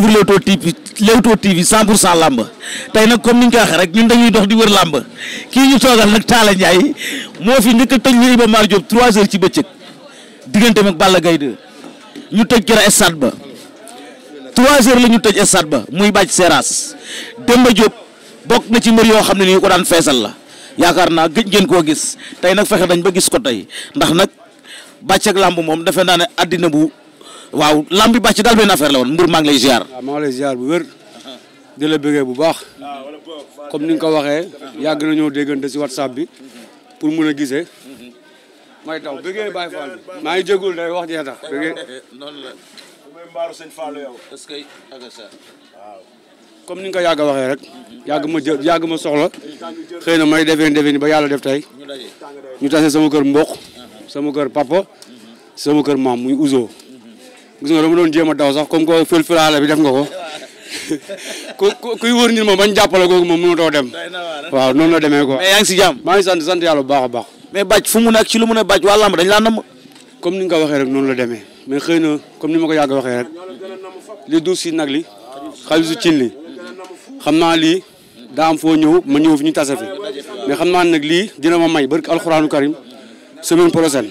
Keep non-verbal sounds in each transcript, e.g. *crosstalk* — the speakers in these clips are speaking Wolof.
découvrir Leewtoo TV Leewtoo TV cent pour cent làmb tey nag comme ni ñu ko waxee rek ñun dañuy dox di wër làmb kii ñu toogal nag Talla Ndiaye moo fi njëkk a tëj ñu Iba Mar Diop trois heures ci bëccëg digganteem ak Balla Gaye 2 ñu tëj kër stade ba trois heures lañu ñu tëj stade ba muy bàcc seeraas Demba Diop bokk na ci mbër yoo xam ne nii ko daan feesal la yaakaar naa gëj ngeen koo gis tey nag fexe dañ ba gis ko tey ndax nag bàcc ak làmb moom defe naa ne àddina bu waaw lambi bàcc daal benn affaire la woon mbër maa ngi lay ziar. waaw lay ziar bu wér. di la bu baax. comme ni nga ko waxee. yàgg na ñëw déggante si whatsapp bi. pour mun a gisee. may taw bëggee Baye Fall. maa ngi jégul day wax jee tax bëggee. noonu la. mbaaru sëñ Fall yow. est-ce que comme ni nga ko yàgg a waxee rek. yàgg ma jë yàgg ma soxla. xëy na may defee defee ni ba yàlla def tey. ñu tase sama kër mbokk. sama kër papa. sama kër maam muy Ouzo. gis nga dama doon jéem a daw sax comme que fël-fëlaale bi def nga ko *laughs* ku ku kuy wër nit moom bañ jàppale googu moom mënatoo dem. Eh? waaw noonu la demee ko mais yaa ngi si jàmm. maa ngi bu baax a baax. mais bàcc fu mu nekk ci lu mu ne bàcc waa lamb dañ laa namm. comme ni nga ko waxee rek noonu la demee mais xëy na comme ni ma ko yàgg waxee rek li duus si nag li xaalisu cin li xam naa lii daa foo ñëw ma ñëw fi ñu tase fi mais xam naa nag lii dina ma may barki alxuraanu karim semaine prochaine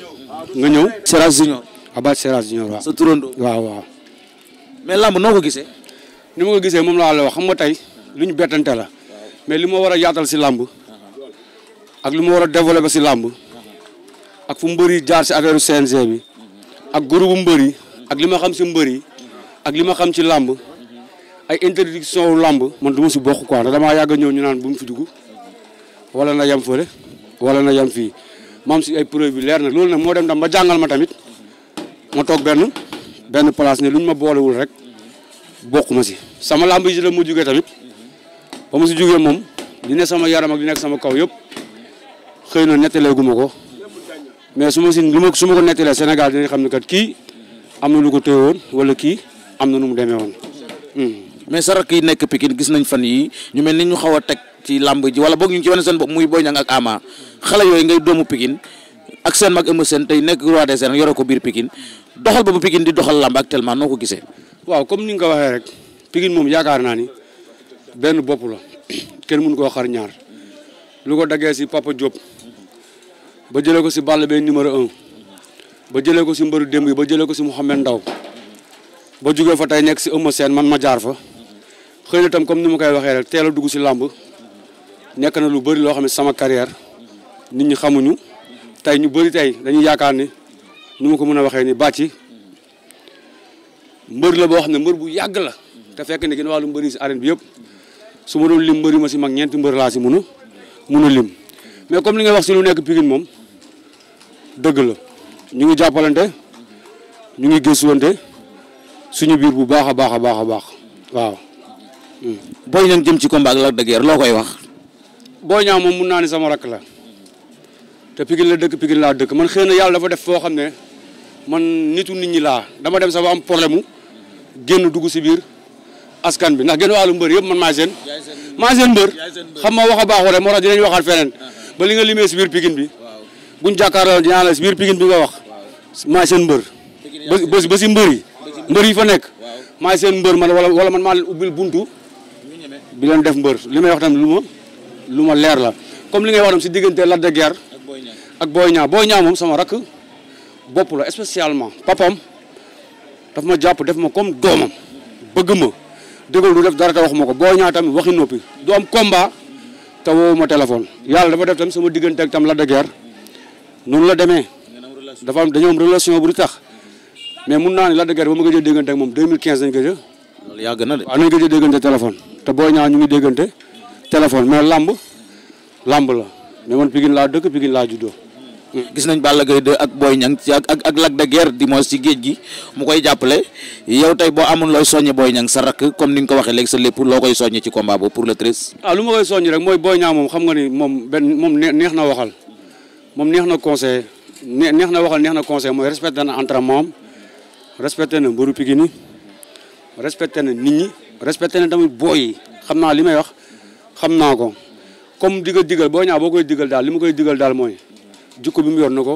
nga ñëw. Seras Junior. Abass Seras Junior waaw. sa turando waaw waaw. mais lamb noo ko gisee. ni ma ko gisee moom laa la xam nga tey lu ñu bettante la mais li ma war a yaatal si làmb ak lu ma war a développé si lamb ak fu mbëri jaar si affaire CNG bi ak groupe mbëri ak li ma xam si mbëri ak li ma xam ci làmb ay interdiction wu lamb man du si bokk ko damaa yàgg a ñëw ñu naan bu mu fi dugg wala na yem fële wala na yem fii maam si ay preuve leer nag loolu ne moo dem dam ba jàngal ma tamit. ma toog benn benn place ne lu ñu ma boolewul rek bokk ma si sama làmb ji la mu jugee tamit ba mu si jugee moom li ne sama yaram ak li nekk sama kaw yëpp xëy na nettalee gu ko mais su ma si lu ma su ma ko nettalee Sénégal dinañ xam ne kat kii am na lu ko téye woon wala kii am na nu mu demee woon. Hmm. mais sa rakk yi nekk Pikine gis nañ fan yi ñu mel ni ñu xaw a teg ci làmb ji wala boog ñu ci wane seen bopp muy booy Niang ak Ama xale yooyu ngay doomu Pikine ak seen mag Eumeu Sène tey nekk roi des arènes ko biir doxal boobu Pikine di doxal làmb actuellement noo ko gisee. waaw comme ni nga ko waxee rek Pikine moom yaakaar naa ni benn bopp la *clears throat* kenn mënu koo xar ñaar lu ko daggee si Papa jóob ba jëlee ko si Balla Beye numéro un ba jëlee ko si mbëru démb yi ba jëlee ko si Mouhamed Ndaw ba jógee fa tey nekk si Eumeu Sène man ma jaar fa xëy na tam comme ni ma koy waxee rek teel a dugg si làmb nekk na lu bëri loo xam ne sama carrière nit ñi xamuñu tey ñu bëri tey dañuy yaakaar ni nu ma ko mën a waxee ni bàcci mbër la boo xam ne mbër bu yàgg la te fekk ne gën wàllu mbër yi si arène bi yëpp suma ma doon lim mbër yi ma si mag ñeenti mbër laa si mun a mun lim mais comme li nga wax si lu nekk Pikine moom dëgg la ñu ngi jàppalante ñu ngi gëstuwante suñu biir bu baax a baax a baax a baax waaw. booy ñang jëm ci combat ak Lac de loo koy wax. booy ñang moom mun naa ni sama rakk la te Pikine la dëkk Pikine laa dëkk man xëy na yàlla dafa def foo xam ne. man nitu nit ñi laa dama dem sax ba am problème mu génn dugg si biir askan bi ndax génn wàllu mbër yëpp man maa seen maa seen mbër xam ma wax a baaxoo rek moo tax dinañ waxaat feneen uh-huh. ba li nga limee si biir Pikine bi buñ jàkkaarloo dinaa la si biir Pikine bi nga wax maa seen mbër ba ba si mbër yi mbër yi fa nekk maa seen mbër man wala wala man maa leen buntu bi leen def mbër li may wax tam lu ma lu ma leer la comme li nga wax tam si diggante la de Guiers ak Boy Niang ak Boy Niang Boy bopp la spécialement papam daf ma jàpp def ma comme doomam bëgg ma dëggal du def dara te wax ma ko boo ñaa tamit waxi noppi doom am combat te woowu ma téléphone yàlla dafa def tam sama diggante tam la de guerre noonu la demee dafa am dañoo am relation bu du tax mais mun naa ne la de guerre ba ma gëj a moom 2015 nañ gëj a yàgg na de waaw nañ a déggante téléphone te boo ñaa ñu ngi déggante téléphone mais làmb làmb la mais man Pikine laa dëkk Pikine laa juddoo gis nañ Balla Gaye 2 ak Boy Niang ci ak ak ak Lac de Guerre di moos ci géej gi mu koy jàppale yow tey boo amoon looy soññe booy Niang sa rakk comme ni nga ko waxee léegi sa lépp loo koy soññe ci combat boobu pour le treize. ah lu ma koy soññ rek mooy Boy Niang moom ni moom benn moom neex na waxal moom neex na conseil neex na waxal neex na conseil mooy respecté na entraînement am respecté na mbëru Pikine respecté na nit ñi respecté na tamit booy xam naa li may wax xam naa ko comme digal digal Boy Niang boo koy digal daal li ma koy digal daal mooy. jikko bi mu yor na ko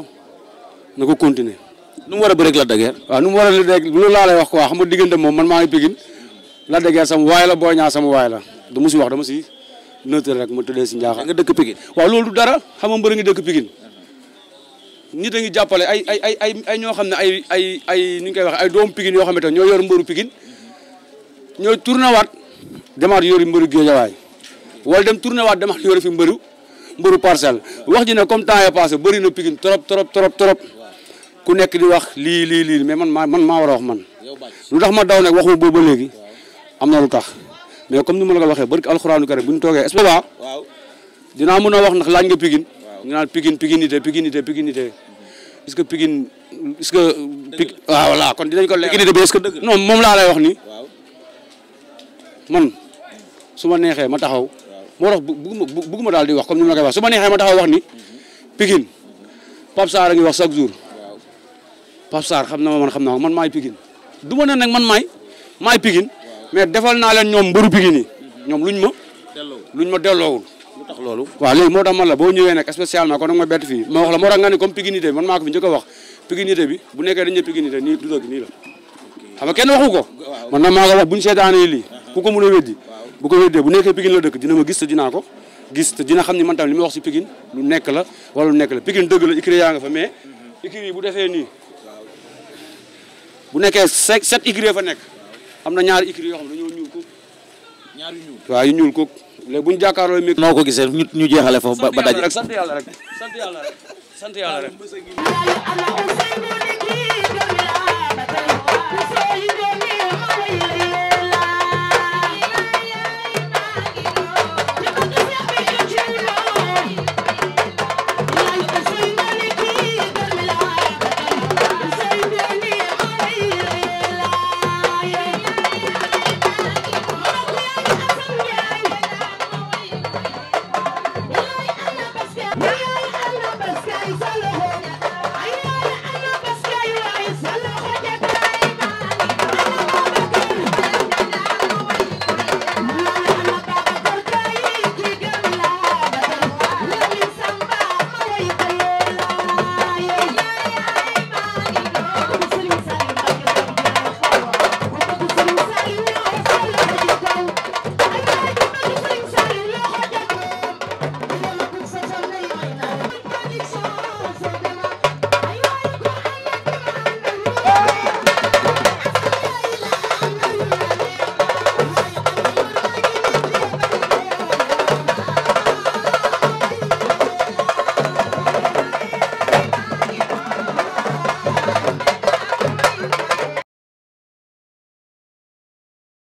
na ko continuer. nu mu war a bëreeg Lac de Guiers. nu mu war a bëreeg loolu laa lay wax quoi xam nga diggante moom man maa ngi Pikine Lac de Guiers sama waay la Boy Niang sama waay la du mu si wax dama si neutre rek ma tëddee si njaaxal. nga dëkk Pikine. waaw loolu dara xam nga dëkk Pikine nit a ngi jàppale ay ay ay ay ay ñoo xam ne ay ay ay ni ñu koy waxee ay doomu Pikine yoo xam ñoo yor mbëru Pikine ñoo tourné waat demaat yori mbëru Géejawaay wala dem tourné waat demaat yor fi mbëru mbëru parcelle wax ji nag comme temps yi passé bari na Pikine trop trop trop trop ku nekk di wax lii lii lii mais man maa man maa war a wax man lu tax ma daw nag waxuma boobu ba léegi am na lu tax mais comme ni ma la ko waxee barki alxuraanu karim bu ñu togee est-ce que dinaa mën a wax ndax laaj nga Pikine ñu naan Pikine Pikinité Pikinité Pikinité est-ce que Pikine est-ce que Pikine waaw voilà kon dinañ ko léegi Pikinité bi est-ce que dëgg non moom laa lay wax ni man ma neexee ma taxaw moo tax bëgguma bëgguma daal di wax comme ni ma la wax su ma neexee ma taxaw wax ni Pikine Pape Sarr a ngi wax chaque jour Pape Sarr xam na ma man xam naa maay Pikine du ma ne nag man maay maay Pikine mais defal naa leen ñoom mbëru Pikine yi ñoom luñ ma luñ ma delloowul lu tax loolu waaw léegi moo tax man la boo ñëwee nag spécialement kon nag ma bett fii ma wax la moo tax nga ne comme piginité bi man maa ko fi njëkk a wax piginité bi bu nekkee dañ ne piginité nii du dëgg nii la xam nga kenn waxu ko man nag maa ko wax buñu seetaanee lii ku ko mën a bu ko bu nekkee Pikine la dëkk dina ma gis te dinaa ko gis te dina xam ne man tam li ma wax si Pikine lu nekk la wala lu nekk la Pikine dëgg la écurie yaa nga fa mais écurie bu defee nii bu nekkee cinq sept écurie fa nekk am na ñaari écurie yoo xam na dañoo ñuul ko ñaari ñuul waaw yu ñuul ko léegi bu ñu jàkkaarloo mi noo ko gisee ñu ñu jeexale foofu ba daje rek sant yàlla rek sant yàlla rek sant yàlla rek